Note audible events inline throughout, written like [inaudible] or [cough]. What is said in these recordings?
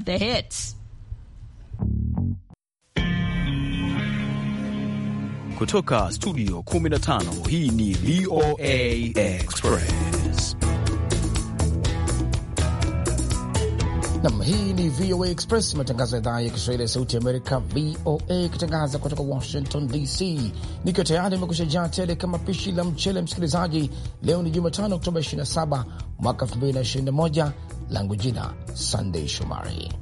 The hits. Kutoka studio 15 hii ni VOA Express. Nam, hii ni VOA Express, matangazo ya idhaa ya Kiswahili ya sauti ya Amerika, VOA ikitangaza kutoka Washington DC, nikiwa tayari imekushajaa tele kama pishi la mchele. Msikilizaji, leo ni Jumatano Oktoba 27 mwaka 2021 langu jina Sunday Shomari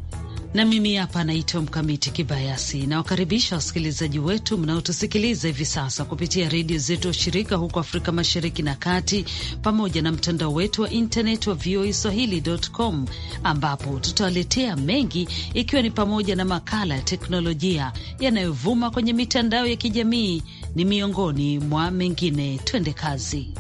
na mimi hapa naitwa Mkamiti Kibayasi. Nawakaribisha wasikilizaji wetu mnaotusikiliza hivi sasa kupitia redio zetu wa shirika huko Afrika Mashariki na Kati, pamoja na mtandao wetu wa intaneti wa VOA Swahili.com, ambapo tutawaletea mengi, ikiwa ni pamoja na makala ya teknolojia yanayovuma kwenye mitandao ya kijamii, ni miongoni mwa mengine. Twende kazi.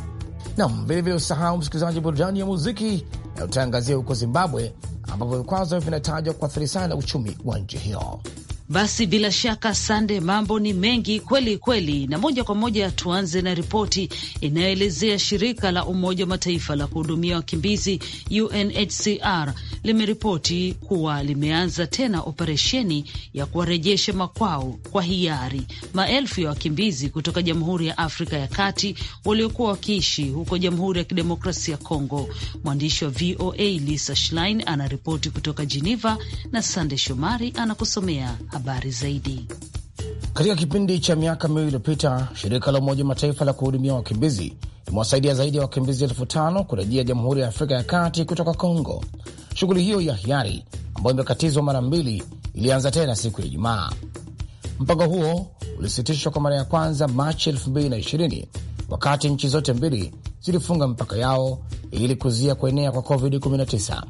Nam vilevile usahau msikilizaji, burudani ya muziki na utaangazia huko Zimbabwe ambapo vikwazo vinatajwa kuathiri sana uchumi wa nchi hiyo. Basi bila shaka, Sande, mambo ni mengi kweli kweli, na moja kwa moja tuanze na ripoti inayoelezea shirika la Umoja wa Mataifa la kuhudumia wakimbizi UNHCR limeripoti kuwa limeanza tena operesheni ya kuwarejesha makwao kwa hiari maelfu ya wakimbizi kutoka Jamhuri ya Afrika ya Kati waliokuwa wakiishi huko Jamhuri ya Kidemokrasia ya Kongo. Mwandishi wa VOA Lisa Schlein anaripoti kutoka jeneva na Sande Shomari anakusomea habari zaidi. Katika kipindi cha miaka miwili iliyopita, shirika la Umoja Mataifa la kuhudumia wakimbizi limewasaidia zaidi ya wakimbizi elfu tano kurejea Jamhuri ya Afrika ya Kati kutoka Kongo. Shughuli hiyo ya hiari ambayo imekatizwa mara mbili ilianza tena siku ya Ijumaa. Mpango huo ulisitishwa kwa mara ya kwanza Machi 2020 wakati nchi zote mbili zilifunga mipaka yao ili kuzuia kuenea kwa COVID-19.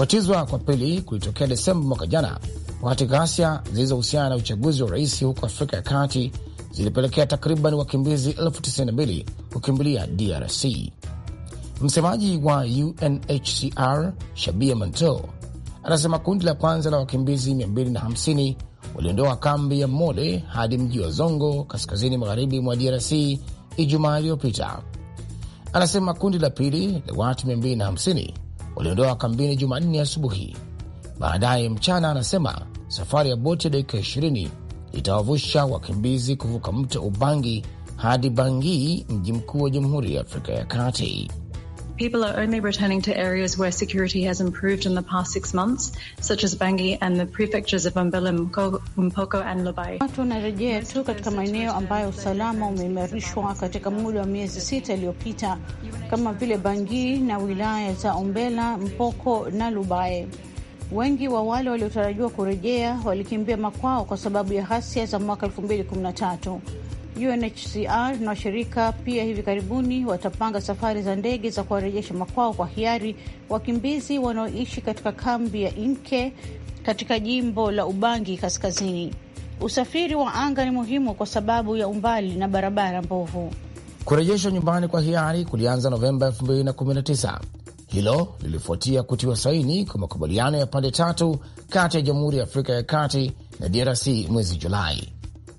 Kupatizwa kwa pili kulitokea Desemba mwaka jana, wakati ghasia zilizohusiana na uchaguzi wa rais huko Afrika ya Kati zilipelekea takriban wakimbizi elfu tisini na mbili kukimbilia DRC. Msemaji wa UNHCR Shabia Manto anasema kundi la kwanza la wakimbizi 250 waliondoa kambi ya Mole hadi mji wa Zongo kaskazini magharibi mwa DRC Ijumaa iliyopita. Anasema kundi la pili la watu 250 waliondoa kambini Jumanne asubuhi. Baadaye mchana, anasema safari ya boti ya dakika 20 itawavusha wakimbizi kuvuka mto Ubangi hadi Bangui, mji mkuu wa Jamhuri ya Afrika ya Kati. people are only returning to areas where security has improved in the past six months, such as Bangi and the prefectures of Mbele, Mpoko and Lobai. Watu wanarejea tu katika maeneo ambayo usalama umeimarishwa katika muda wa miezi sita iliyopita kama vile Bangi na wilaya za Ombela, Mpoko na Lubae. Wengi wa wale waliotarajiwa kurejea walikimbia makwao kwa sababu ya ghasia za mwaka 2013. UNHCR na washirika pia hivi karibuni watapanga safari za ndege za kuwarejesha makwao kwa hiari wakimbizi wanaoishi katika kambi ya inke katika jimbo la Ubangi Kaskazini. Usafiri wa anga ni muhimu kwa sababu ya umbali na barabara mbovu. Kurejeshwa nyumbani kwa hiari kulianza Novemba 2019. Hilo lilifuatia kutiwa saini kwa makubaliano ya pande tatu kati ya Jamhuri ya Afrika ya Kati na DRC mwezi Julai.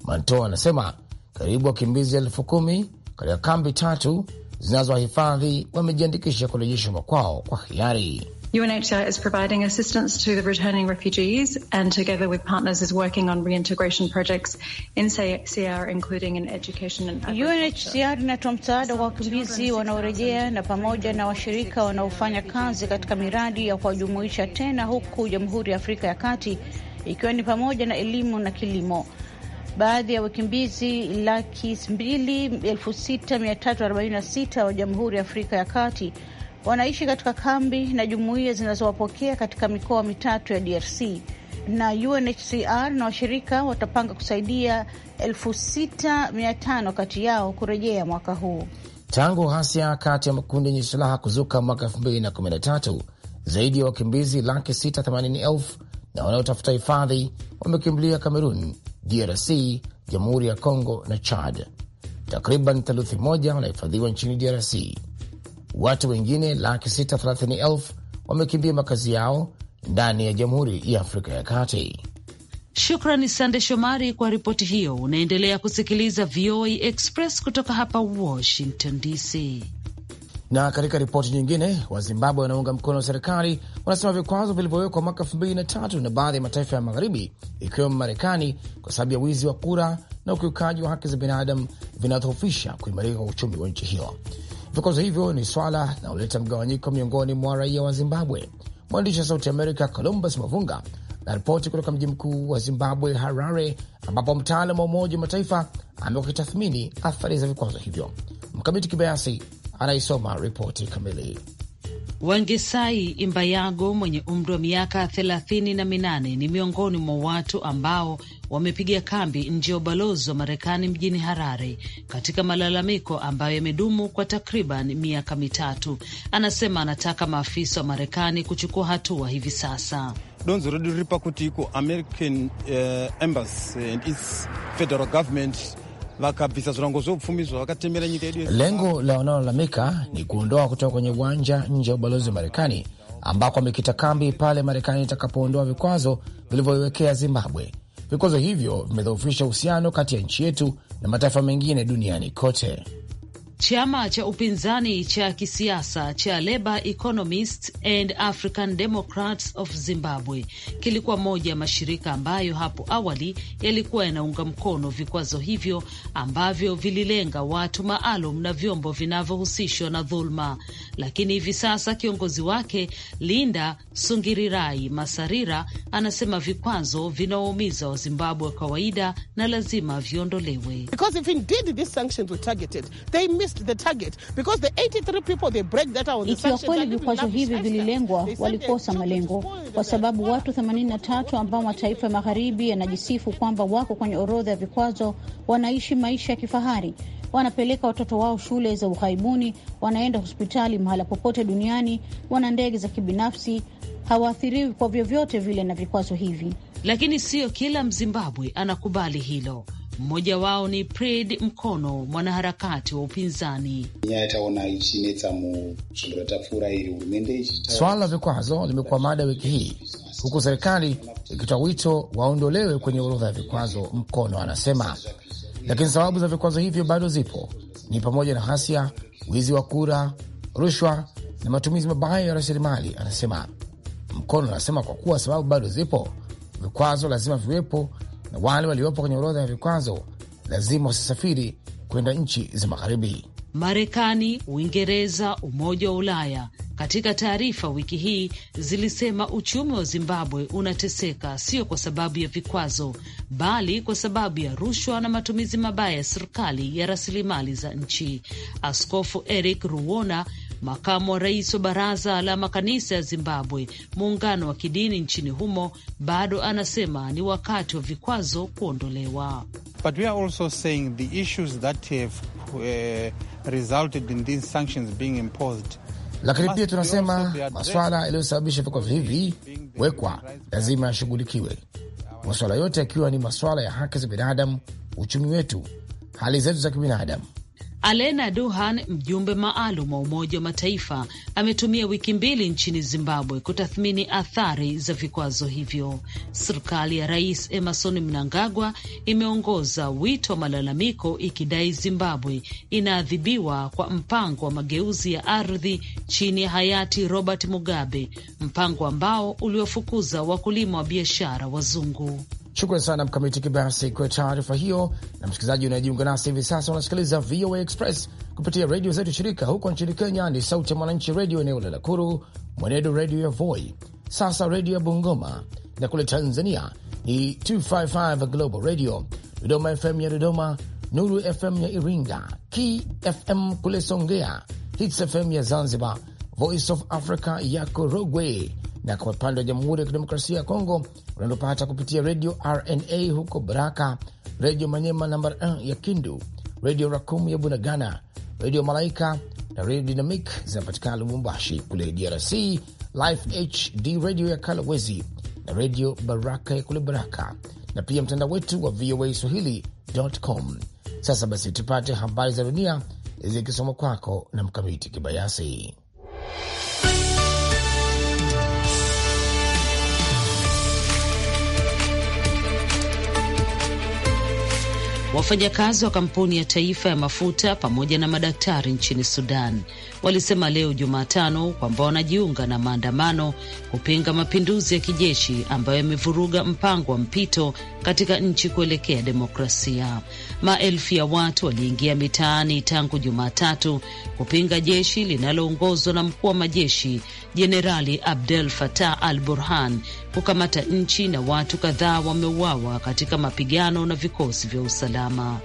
Manto anasema karibu wakimbizi elfu kumi katika kambi tatu zinazohifadhi wamejiandikisha kurejesha makwao kwa hiari. UNHCR is providing assistance to the returning refugees and together with partners is working on reintegration projects in CR including in education and UNHCR inatoa msaada kwa wakimbizi wanaorejea na pamoja na washirika wanaofanya kazi katika miradi ya kuwajumuisha tena huku Jamhuri ya Afrika ya Kati ikiwa ni pamoja na elimu na kilimo baadhi ya wakimbizi laki mbili elfu sita mia tatu arobaini na sita wa Jamhuri ya Afrika ya Kati wanaishi katika kambi na jumuiya zinazowapokea katika mikoa mitatu ya DRC na UNHCR na washirika watapanga kusaidia elfu sita mia tano kati yao kurejea mwaka huu. Tangu ghasia kati ya makundi yenye silaha kuzuka mwaka 213 zaidi ya wakimbizi laki sita themanini elfu na wanaotafuta hifadhi wamekimbilia Kamerun DRC, Jamhuri ya congo na Chad. Takriban theluthi moja wanahifadhiwa nchini DRC. Watu wengine laki sita thelathini elfu wamekimbia makazi yao ndani ya Jamhuri ya Afrika ya Kati. Shukrani Sande Shomari kwa ripoti hiyo. Unaendelea kusikiliza VOA Express kutoka hapa Washington DC. Na katika ripoti nyingine, Wazimbabwe wanaunga mkono serikali wanasema vikwazo vilivyowekwa mwaka elfu mbili na tatu na baadhi ya mataifa ya magharibi ikiwemo Marekani kwa sababu ya wizi wa kura na ukiukaji wa haki za binadamu vinadhoofisha kuimarika kwa uchumi wa nchi hiyo. Vikwazo hivyo ni swala linaloleta mgawanyiko miongoni mwa raia wa Zimbabwe. Mwandishi wa Sauti Amerika Columbus Mavunga na ripoti kutoka mji mkuu wa Zimbabwe, Harare, ambapo mtaalam wa Umoja wa Mataifa amekitathmini athari za vikwazo hivyo. Mkamiti Kibayasi anaisoma ripoti kamili. Wangisai Imbayago mwenye umri wa miaka thelathini na minane ni miongoni mwa watu ambao wamepiga kambi nje ya ubalozi wa Marekani mjini Harare katika malalamiko ambayo yamedumu kwa takriban miaka mitatu. Anasema anataka maafisa wa Marekani kuchukua hatua hivi sasa. Donzo, American, uh, embassy, and its federal government Lengo la wanaolalamika ni kuondoa kutoka kwenye uwanja nje ya ubalozi wa Marekani ambako amekita kambi pale Marekani itakapoondoa vikwazo vilivyoiwekea Zimbabwe. Vikwazo hivyo vimedhoofisha uhusiano kati ya nchi yetu na mataifa mengine duniani kote. Chama cha upinzani cha kisiasa cha Labour Economists and African Democrats of Zimbabwe kilikuwa moja ya mashirika ambayo hapo awali yalikuwa yanaunga mkono vikwazo hivyo ambavyo vililenga watu maalum na vyombo vinavyohusishwa na dhuluma, lakini hivi sasa kiongozi wake Linda Sungirirai Masarira anasema vikwazo vinaoumiza Wazimbabwe wa kawaida na lazima viondolewe. Ikiwa kweli vikwazo hivi vililengwa, walikosa malengo, kwa sababu watu 83 ambao mataifa ya magharibi yanajisifu kwamba wako kwenye orodha ya vikwazo wanaishi maisha ya kifahari, wanapeleka watoto wao shule za ughaibuni, wanaenda hospitali mahala popote duniani, wana ndege za kibinafsi, hawaathiriwi kwa vyovyote vile na vikwazo hivi. Lakini siyo kila Mzimbabwe anakubali hilo. Mmoja wao ni Pred Mkono, mwanaharakati wa upinzani. Swala la vikwazo limekuwa mada wiki hii huku serikali ikitoa wito waondolewe kwenye orodha ya vikwazo. Mkono anasema lakini sababu za vikwazo hivyo bado zipo, ni pamoja na ghasia, wizi wa kura, rushwa na matumizi mabaya ya rasilimali, anasema Mkono. Anasema kwa kuwa sababu bado zipo, vikwazo lazima viwepo na wale waliopo kwenye orodha ya vikwazo lazima wasisafiri kwenda nchi za magharibi. Marekani, Uingereza, Umoja wa Ulaya katika taarifa wiki hii zilisema uchumi wa Zimbabwe unateseka sio kwa sababu ya vikwazo, bali kwa sababu ya rushwa na matumizi mabaya ya serikali ya rasilimali za nchi. Askofu Eric Ruona makamu wa rais wa baraza la makanisa ya Zimbabwe, muungano wa kidini nchini humo, bado anasema ni wakati wa vikwazo kuondolewa. But we are also saying the issues that have, uh, resulted in these sanctions being imposed. Lakini pia tunasema maswala yaliyosababisha vikwazo hivi wekwa lazima yashughulikiwe, maswala yote yakiwa ni maswala ya haki za binadamu, uchumi wetu, hali zetu za kibinadamu Alena Duhan, mjumbe maalum wa Umoja wa Mataifa, ametumia wiki mbili nchini Zimbabwe kutathmini athari za vikwazo hivyo. Serikali ya Rais Emerson Mnangagwa imeongoza wito wa malalamiko ikidai Zimbabwe inaadhibiwa kwa mpango wa mageuzi ya ardhi chini ya hayati Robert Mugabe, mpango ambao uliofukuza wakulima wa biashara wazungu. Shukran sana Mkamiti Kibasi kwa taarifa hiyo. Na msikilizaji unayejiunga nasi hivi sasa, unasikiliza VOA Express kupitia redio zetu shirika. Huko nchini Kenya ni Sauti ya Mwananchi redio eneo la Nakuru, Mwenedo redio ya Voi, sasa redio ya Bungoma, na kule Tanzania ni 255 Global Radio, Dodoma FM ya Dodoma, Nuru FM ya Iringa, KFM kule Songea, Hits FM ya Zanzibar, Voice of Africa ya Korogwe, na kwa upande wa Jamhuri ya Kidemokrasia ya Kongo unalopata kupitia redio RNA huko Baraka, redio Manyema namba 1 eh, ya Kindu, redio rakum ya Bunagana, redio Malaika na redio Dynamic zinapatikana Lubumbashi kule DRC, Life HD redio ya Kalawezi na redio Baraka ya kule Baraka, na pia mtandao wetu wa VOA Swahili.com. Sasa basi, tupate habari za dunia zikisoma kwako na Mkamiti Kibayasi. Wafanyakazi wa kampuni ya taifa ya mafuta pamoja na madaktari nchini Sudan walisema leo Jumatano kwamba wanajiunga na maandamano kupinga mapinduzi ya kijeshi ambayo yamevuruga mpango wa mpito katika nchi kuelekea demokrasia. Maelfu ya watu waliingia mitaani tangu Jumatatu kupinga jeshi linaloongozwa na mkuu wa majeshi Jenerali Abdel Fattah al Burhan kukamata nchi na watu kadhaa wameuawa katika mapigano na vikosi vya usalama.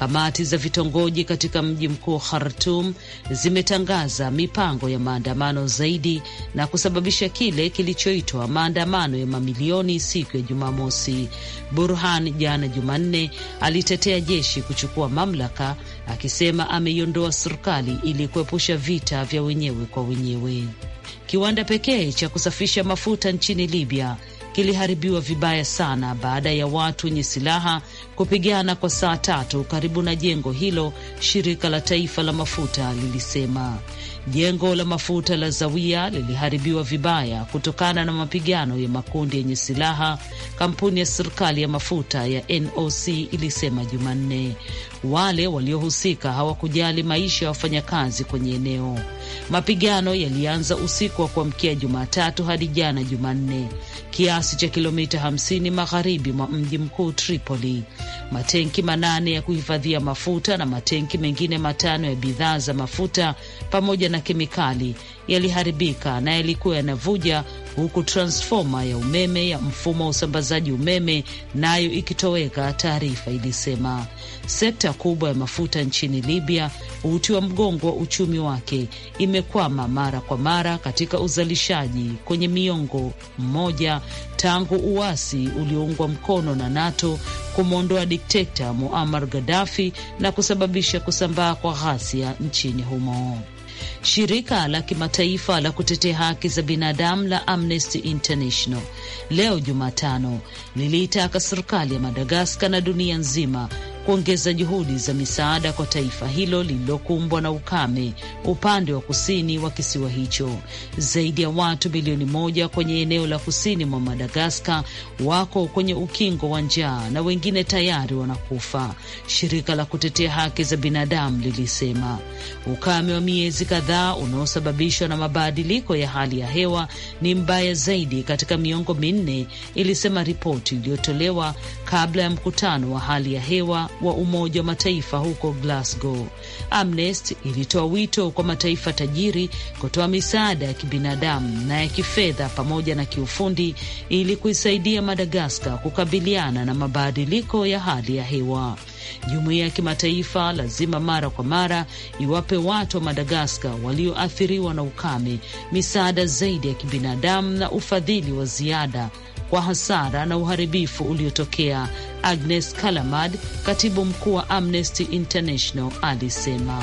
Kamati za vitongoji katika mji mkuu Khartum zimetangaza mipango ya maandamano zaidi na kusababisha kile kilichoitwa maandamano ya mamilioni siku ya Jumamosi. Burhan jana Jumanne alitetea jeshi kuchukua mamlaka akisema ameiondoa serikali ili kuepusha vita vya wenyewe kwa wenyewe. Kiwanda pekee cha kusafisha mafuta nchini Libya kiliharibiwa vibaya sana baada ya watu wenye silaha kupigana kwa saa tatu karibu na jengo hilo, shirika la taifa la mafuta lilisema. Jengo la mafuta la Zawia liliharibiwa vibaya kutokana na mapigano ya makundi yenye silaha, kampuni ya serikali ya mafuta ya NOC ilisema Jumanne. Wale waliohusika hawakujali maisha ya wafanyakazi kwenye eneo. Mapigano yalianza usiku wa kuamkia Jumatatu hadi jana Jumanne, kiasi cha kilomita 50 magharibi mwa mji mkuu Tripoli. Matenki manane ya kuhifadhia mafuta na matenki mengine matano ya bidhaa za mafuta pamoja na kemikali yaliharibika na yalikuwa yanavuja huku transfoma ya umeme ya mfumo wa usambazaji umeme nayo ikitoweka, taarifa ilisema. Sekta kubwa ya mafuta nchini Libya, uti wa mgongo wa uchumi wake, imekwama mara kwa mara katika uzalishaji kwenye miongo mmoja tangu uasi ulioungwa mkono na NATO kumwondoa dikteta Muammar Gaddafi na kusababisha kusambaa kwa ghasia nchini humo. Shirika la kimataifa la kutetea haki za binadamu la Amnesty International leo Jumatano liliitaka serikali ya Madagaskar na dunia nzima kuongeza juhudi za misaada kwa taifa hilo lililokumbwa na ukame upande wa kusini wa kisiwa hicho. Zaidi ya watu milioni moja kwenye eneo la kusini mwa Madagaskar wako kwenye ukingo wa njaa na wengine tayari wanakufa, shirika la kutetea haki za binadamu lilisema. Ukame wa miezi kadhaa unaosababishwa na mabadiliko ya hali ya hewa ni mbaya zaidi katika miongo minne, ilisema ripoti iliyotolewa kabla ya mkutano wa hali ya hewa wa Umoja wa Mataifa huko Glasgow. Amnesty ilitoa wito kwa mataifa tajiri kutoa misaada ya kibinadamu na ya kifedha pamoja na kiufundi ili kuisaidia Madagaskar kukabiliana na mabadiliko ya hali ya hewa. Jumuiya ya kimataifa lazima mara kwa mara iwape watu wa Madagaskar walioathiriwa na ukame misaada zaidi ya kibinadamu na ufadhili wa ziada kwa hasara na uharibifu uliotokea, Agnes Kalamad, katibu mkuu wa Amnesty International, alisema.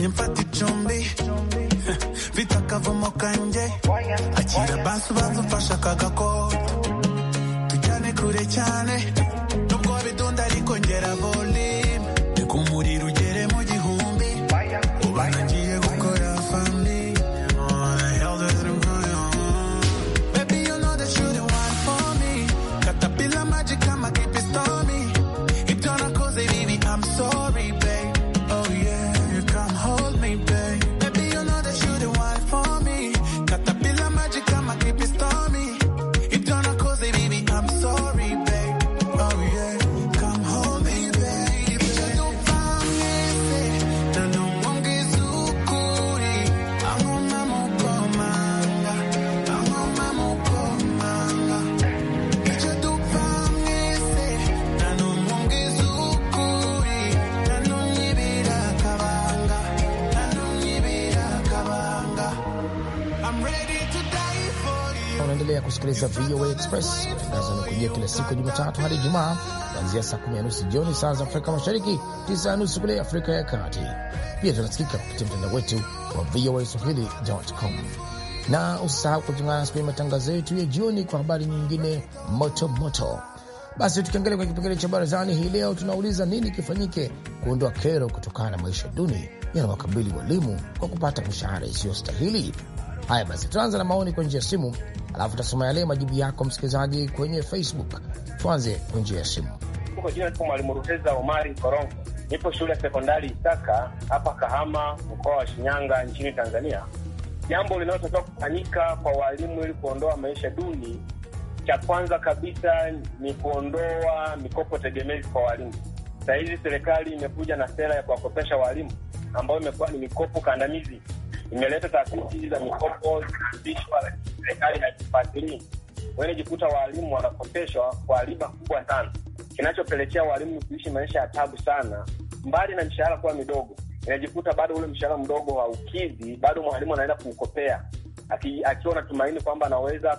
Nimpati chumbi [laughs] vitakavyomoka nje za VOA Express. Matangazo yanakujia kila siku Jumatatu hadi Ijumaa, kuanzia saa kumi na nusu jioni saa za Afrika Mashariki, tisa na nusu kule Afrika ya Kati. Pia tunasikika kupitia mtandao wetu wa VOA Swahili.com, na usisahau kuungana nasi kwenye matangazo yetu ya jioni kwa habari nyingine moto moto. Basi tukiangalia kwenye kipengele cha barazani hii leo, tunauliza nini kifanyike kuondoa kero kutokana na maisha duni yanawakabili walimu kwa kupata mishahara isiyostahili Haya basi, tuanze na maoni kwa njia ya simu, alafu tutasoma yale majibu yako msikilizaji kwenye Facebook. Tuanze kwa njia ya simu. Kwa jina nipo Mwalimu Ruheza Omari Korongo, nipo shule ya sekondari Isaka hapa Kahama, mkoa wa Shinyanga, nchini Tanzania. Jambo linalotakiwa kufanyika kwa walimu ili kuondoa maisha duni, cha kwanza kabisa ni kuondoa mikopo tegemezi kwa walimu. Sahizi serikali imekuja na sera ya kuwakopesha walimu ambayo imekuwa ni mikopo kandamizi imeleta taasisi za mikopo lakini serikali hakifuatilii. Wanajikuta waalimu wanakopeshwa kwa riba kubwa sana, kinachopelekea waalimu kuishi maisha ya tabu sana. Mbali na mshahara kuwa midogo, inajikuta bado ule mshahara mdogo haukidhi, bado mwalimu anaenda kuukopea akiona tumaini kwamba anaweza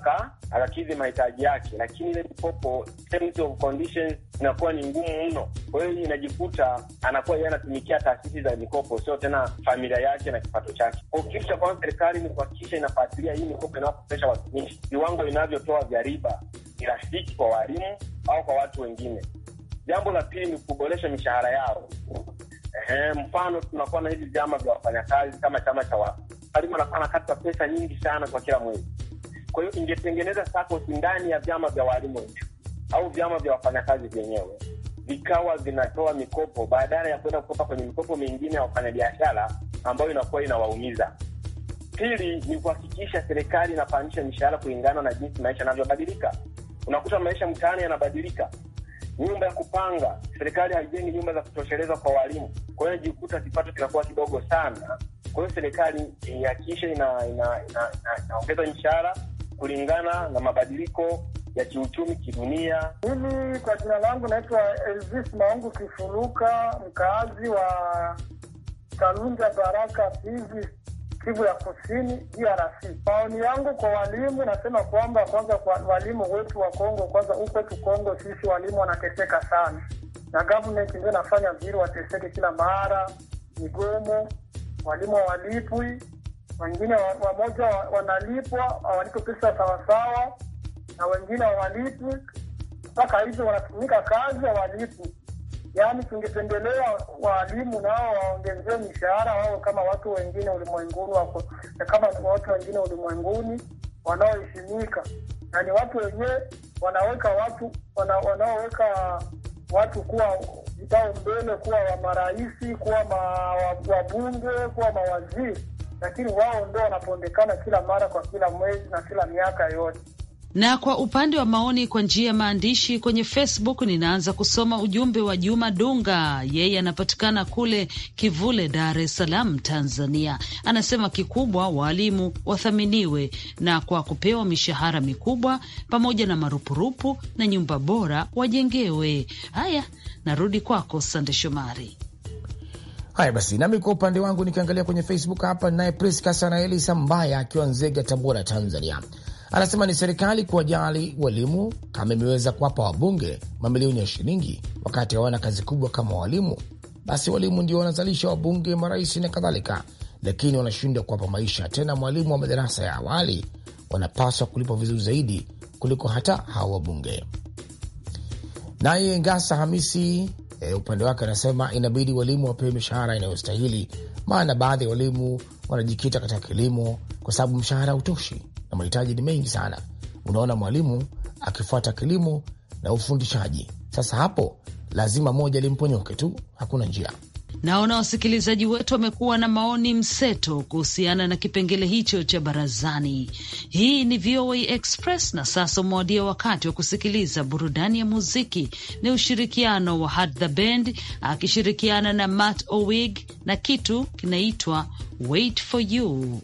akakidhi mahitaji yake, lakini ile mikopo terms of conditions inakuwa ni ngumu mno. Kwa hiyo inajikuta anakuwa yeye anatumikia taasisi za mikopo, sio tena familia yake na kipato chake. Kwa kitu cha kwanza, serikali ni kuhakikisha inafuatilia hii mikopo inawakopesha watumishi, viwango vinavyotoa vya riba ni rafiki kwa walimu au kwa watu wengine. Jambo la pili ni kuboresha mishahara yao. Ehe, mfano tunakuwa na hivi vyama vya wafanyakazi kama chama cha mwalimu anakuwa anakata pesa nyingi sana kwa kila mwezi. Kwa hiyo ingetengeneza SACCOS ndani ya vyama vya walimu hivyo au vyama vya wafanyakazi vyenyewe vikawa vinatoa mikopo badala ya kwenda kukopa kwenye mikopo mingine ya wafanyabiashara ambayo inakuwa inawaumiza. Pili ni kuhakikisha serikali inapandisha mishahara kulingana na jinsi maisha yanavyobadilika. Unakuta maisha mtaani yanabadilika, nyumba ya kupanga, serikali haijengi nyumba za kutosheleza kwa walimu. Kwa hiyo najikuta kipato kinakuwa kidogo sana kwa hiyo serikali ihakikishe inaongeza ina, mshahara kulingana na mabadiliko ya kiuchumi kidunia. Mimi kwa jina langu naitwa Elvis Maungu Kifuruka, mkaazi wa Kalunja Baraka Fizi, Kivu ya Kusini, DRC. Maoni yangu kwa walimu, nasema kwamba kwanza, kwa walimu wetu wa Kongo, kwanza ukwetu Kongo sisi walimu wanateseka sana, na government ndio nafanya vile wateseke kila mara, migomo walimu hawalipwi, wengine wamoja wanalipwa hawalipwi pesa sawasawa, na wengine hawalipwi mpaka hivi wanatumika kazi hawalipwi. Yaani tungependelea waalimu nao waongezee mishahara wao kama watu wengine ulimwenguni wako, kama watu wengine ulimwenguni wanaoheshimika, na ni watu wenyewe wanaweka watu wanaoweka watu kuwa vikao mbele, kuwa wa marais, kuwa wabunge, kuwa mawaziri, lakini wao ndo wanapondekana kila mara kwa kila mwezi na kila miaka yote. Na kwa upande wa maoni kwa njia ya maandishi kwenye Facebook, ninaanza kusoma ujumbe wa Juma Dunga. Yeye anapatikana kule Kivule, Dar es Salaam, Tanzania. Anasema kikubwa, waalimu wathaminiwe, na kwa kupewa mishahara mikubwa pamoja na marupurupu na nyumba bora wajengewe. Haya, narudi kwako Sande Shomari. Haya basi, nami kwa upande wangu nikiangalia kwenye Facebook hapa, naye Priska Sanaeli Sambaya akiwa Nzega, Tabora, Tanzania Anasema ni serikali kuwajali walimu kama imeweza kuwapa wabunge mamilioni ya shilingi wakati hawana kazi kubwa kama walimu, basi walimu ndio wanazalisha wabunge, marais na kadhalika, lakini wanashindwa kuwapa maisha. Tena mwalimu wa madarasa ya awali wanapaswa kulipwa vizuri zaidi kuliko hata hawa wabunge. Naye Ngasa Hamisi e, upande wake anasema inabidi walimu wapewe mishahara inayostahili, maana baadhi ya walimu wanajikita katika kilimo kwa sababu mshahara hautoshi na mahitaji ni mengi sana. Unaona mwalimu akifuata kilimo na ufundishaji. Sasa hapo lazima moja limponyoke tu, hakuna njia. Naona wasikilizaji wetu wamekuwa na maoni mseto kuhusiana na kipengele hicho cha barazani. Hii ni VOA Express na sasa umewadia wakati wa kusikiliza burudani ya muziki. Ni ushirikiano wa Hat the Band akishirikiana na Matt Owig na kitu kinaitwa Wait for You.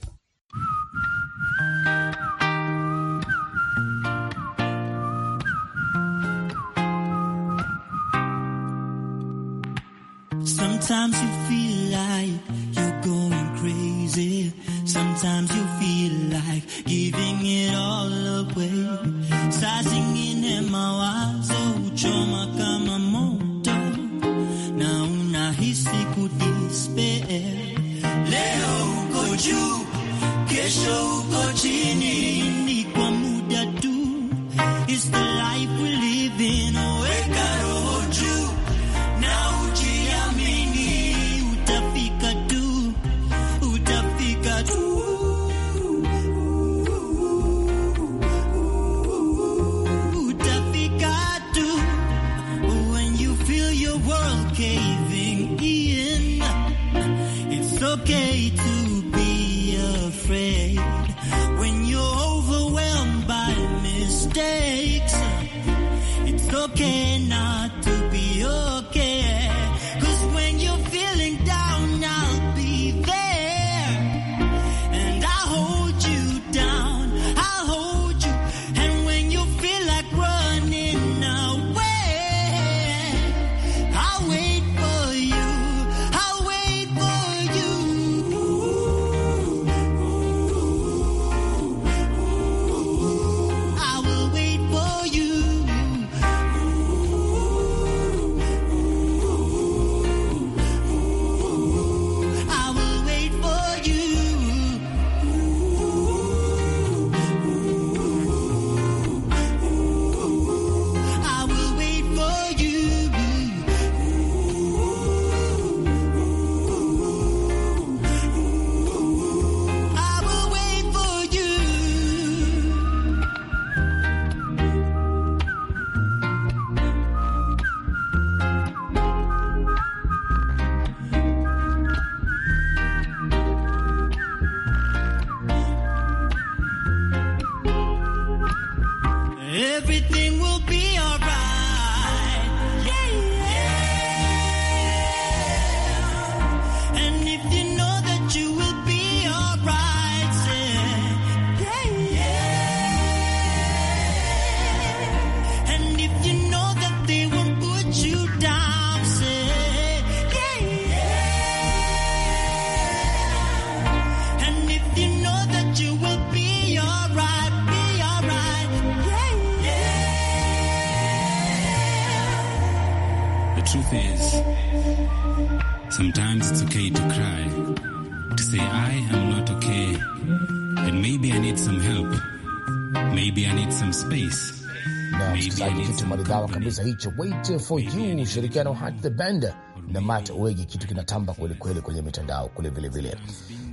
gawa kabisa hicho Wait for You, ushirikiano wa Hat the Band na mat wegi kitu kinatamba kweli kweli kwenye mitandao kule vilevile.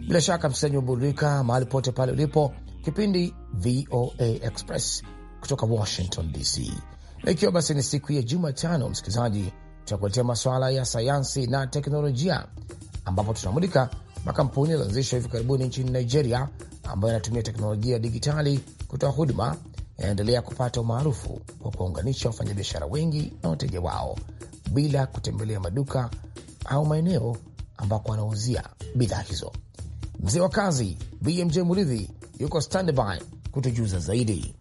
Bila shaka msikilizaji umeburudika mahali pote pale ulipo. Kipindi VOA Express kutoka Washington DC, na ikiwa basi ni siku ya Jumatano, msikilizaji, tutakuletea masuala ya sayansi na teknolojia, ambapo tunamulika makampuni yalianzishwa hivi karibuni nchini Nigeria ambayo yanatumia teknolojia ya digitali kutoa huduma yanaendelea kupata umaarufu kwa kuwaunganisha wafanyabiashara wengi na wateja wao bila kutembelea maduka au maeneo ambako wanauzia bidhaa hizo. Mzee wa kazi BMJ Muridhi yuko standby kutujuza zaidi.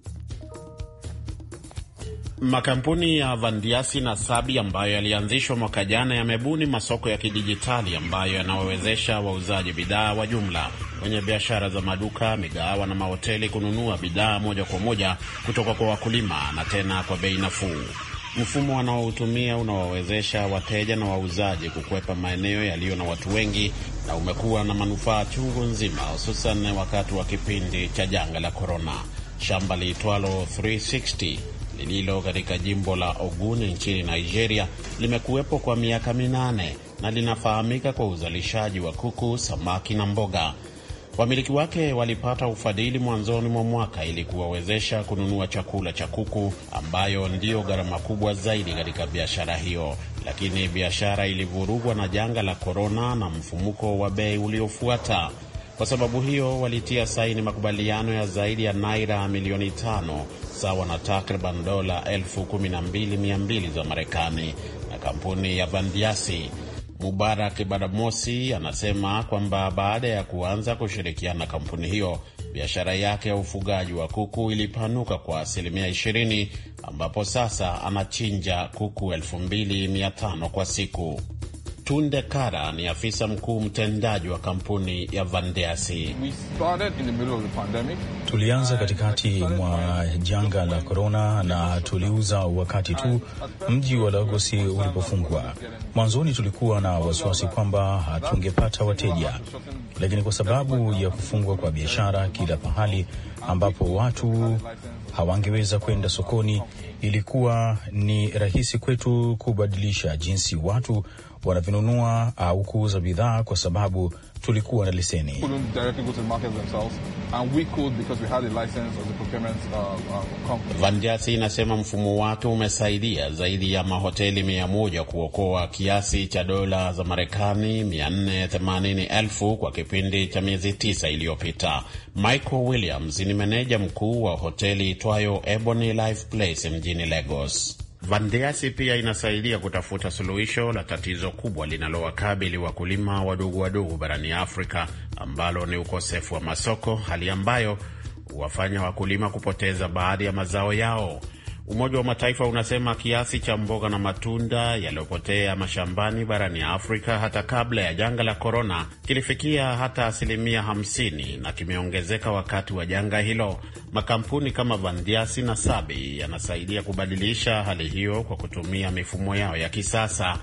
Makampuni ya Vandiasi na Sabi ambayo yalianzishwa mwaka jana yamebuni masoko ya kidijitali ambayo yanawawezesha wauzaji bidhaa wa jumla wenye biashara za maduka, migahawa na mahoteli kununua bidhaa moja kwa moja kutoka kwa wakulima na tena kwa bei nafuu. Mfumo wanaohutumia unawawezesha wateja na wauzaji kukwepa maeneo yaliyo na watu wengi na umekuwa na manufaa chungu nzima, hususan wakati wa kipindi cha janga la korona. Shamba liitwalo 360 lililo katika jimbo la Ogun nchini Nigeria limekuwepo kwa miaka minane na linafahamika kwa uzalishaji wa kuku, samaki na mboga. Wamiliki wake walipata ufadhili mwanzoni mwa mwaka ili kuwawezesha kununua chakula cha kuku, ambayo ndiyo gharama kubwa zaidi katika biashara hiyo, lakini biashara ilivurugwa na janga la korona na mfumuko wa bei uliofuata. Kwa sababu hiyo walitia saini makubaliano ya zaidi ya naira milioni tano sawa na takriban dola elfu kumi na mbili mia mbili za Marekani na kampuni ya Bandiasi Mubarak Baramosi anasema kwamba baada ya kuanza kushirikiana na kampuni hiyo, biashara yake ya ufugaji wa kuku ilipanuka kwa asilimia 20, ambapo sasa anachinja kuku 2500 kwa siku. Tunde Kara ni afisa mkuu mtendaji wa kampuni ya Vandeasi. Tulianza katikati mwa janga la korona na tuliuza wakati tu mji wa Lagosi ulipofungwa. Mwanzoni tulikuwa na wasiwasi kwamba hatungepata wateja, lakini kwa sababu ya kufungwa kwa biashara kila pahali ambapo watu hawangeweza kwenda sokoni, ilikuwa ni rahisi kwetu kubadilisha jinsi watu wanavinunua au uh, kuuza bidhaa kwa sababu tulikuwa na leseni. Vandiasi inasema mfumo wake umesaidia zaidi ya mahoteli mia moja kuokoa kiasi cha dola za Marekani 480,000 kwa kipindi cha miezi tisa iliyopita. Michael Williams ni meneja mkuu wa hoteli itwayo Ebony Life Place mjini Lagos. Vandeasi pia inasaidia kutafuta suluhisho la tatizo kubwa linalowakabili wakulima wadogo wadogo barani Afrika ambalo ni ukosefu wa masoko, hali ambayo huwafanya wakulima kupoteza baadhi ya mazao yao. Umoja wa Mataifa unasema kiasi cha mboga na matunda yaliyopotea mashambani barani ya Afrika hata kabla ya janga la korona kilifikia hata asilimia 50 na kimeongezeka wakati wa janga hilo. Makampuni kama Vandiasi na Sabi yanasaidia kubadilisha hali hiyo kwa kutumia mifumo yao ya kisasa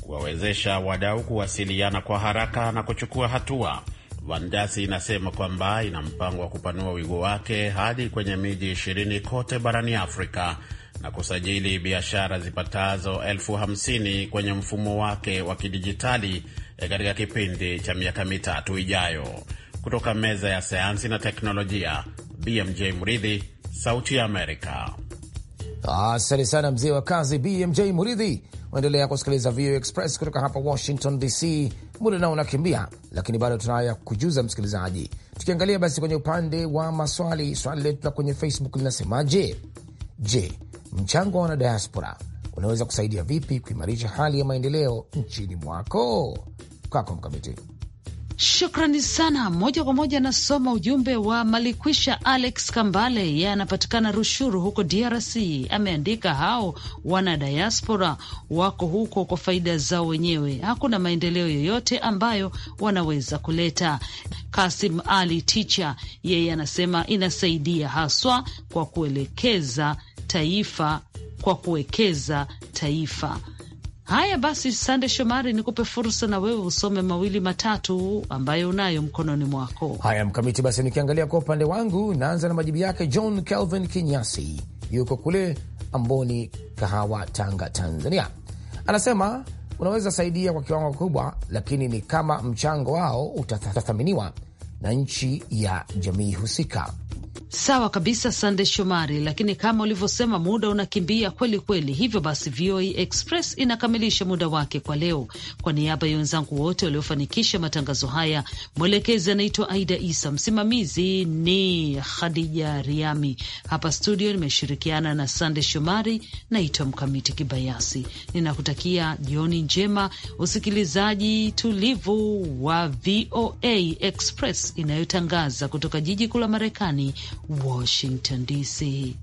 kuwawezesha wadau kuwasiliana kwa haraka na kuchukua hatua. Vandasi inasema kwamba ina mpango wa kupanua wigo wake hadi kwenye miji ishirini kote barani Afrika na kusajili biashara zipatazo elfu hamsini kwenye mfumo wake wa kidijitali e, katika kipindi cha miaka mitatu ijayo. Kutoka meza ya sayansi na teknolojia, BMJ mridhi Sauti ya Amerika. Asante sana mzee wa kazi BMJ Mridhi. Unaendelea kusikiliza VOA Express kutoka hapa Washington DC. Muda nao unakimbia, lakini bado tunayo ya kujuza msikilizaji. Tukiangalia basi kwenye upande wa maswali, swali letu la kwenye Facebook linasemaje? Je, mchango wa wanadiaspora unaweza kusaidia vipi kuimarisha hali ya maendeleo nchini mwako? Kwako Mkamiti. Shukrani sana. Moja kwa moja anasoma ujumbe wa Malikwisha Alex Kambale, yeye anapatikana Rushuru huko DRC. Ameandika hao wana diaspora wako huko kwa faida zao wenyewe, hakuna maendeleo yoyote ambayo wanaweza kuleta. Kasim Ali Ticha yeye anasema inasaidia haswa kwa kuelekeza taifa, kwa kuwekeza taifa Haya basi, Sande Shomari, nikupe fursa na wewe usome mawili matatu ambayo unayo mkononi mwako. Haya Mkamiti, basi nikiangalia kwa upande wangu, naanza na majibu yake John Calvin Kinyasi, yuko kule Amboni Kahawa, Tanga, Tanzania. Anasema unaweza saidia kwa kiwango kikubwa, lakini ni kama mchango wao utathaminiwa na nchi ya jamii husika. Sawa kabisa, Sande Shomari, lakini kama ulivyosema muda unakimbia kweli kweli. Hivyo basi, VOA e Express inakamilisha muda wake kwa leo. Kwa niaba ya wenzangu wote waliofanikisha matangazo haya, mwelekezi anaitwa Aida Isa, msimamizi ni Khadija Riami. Hapa studio nimeshirikiana na Sande Shomari, naitwa Mkamiti Kibayasi. Ninakutakia jioni njema, usikilizaji tulivu wa VOA e Express inayotangaza kutoka jiji kuu la Marekani Washington DC.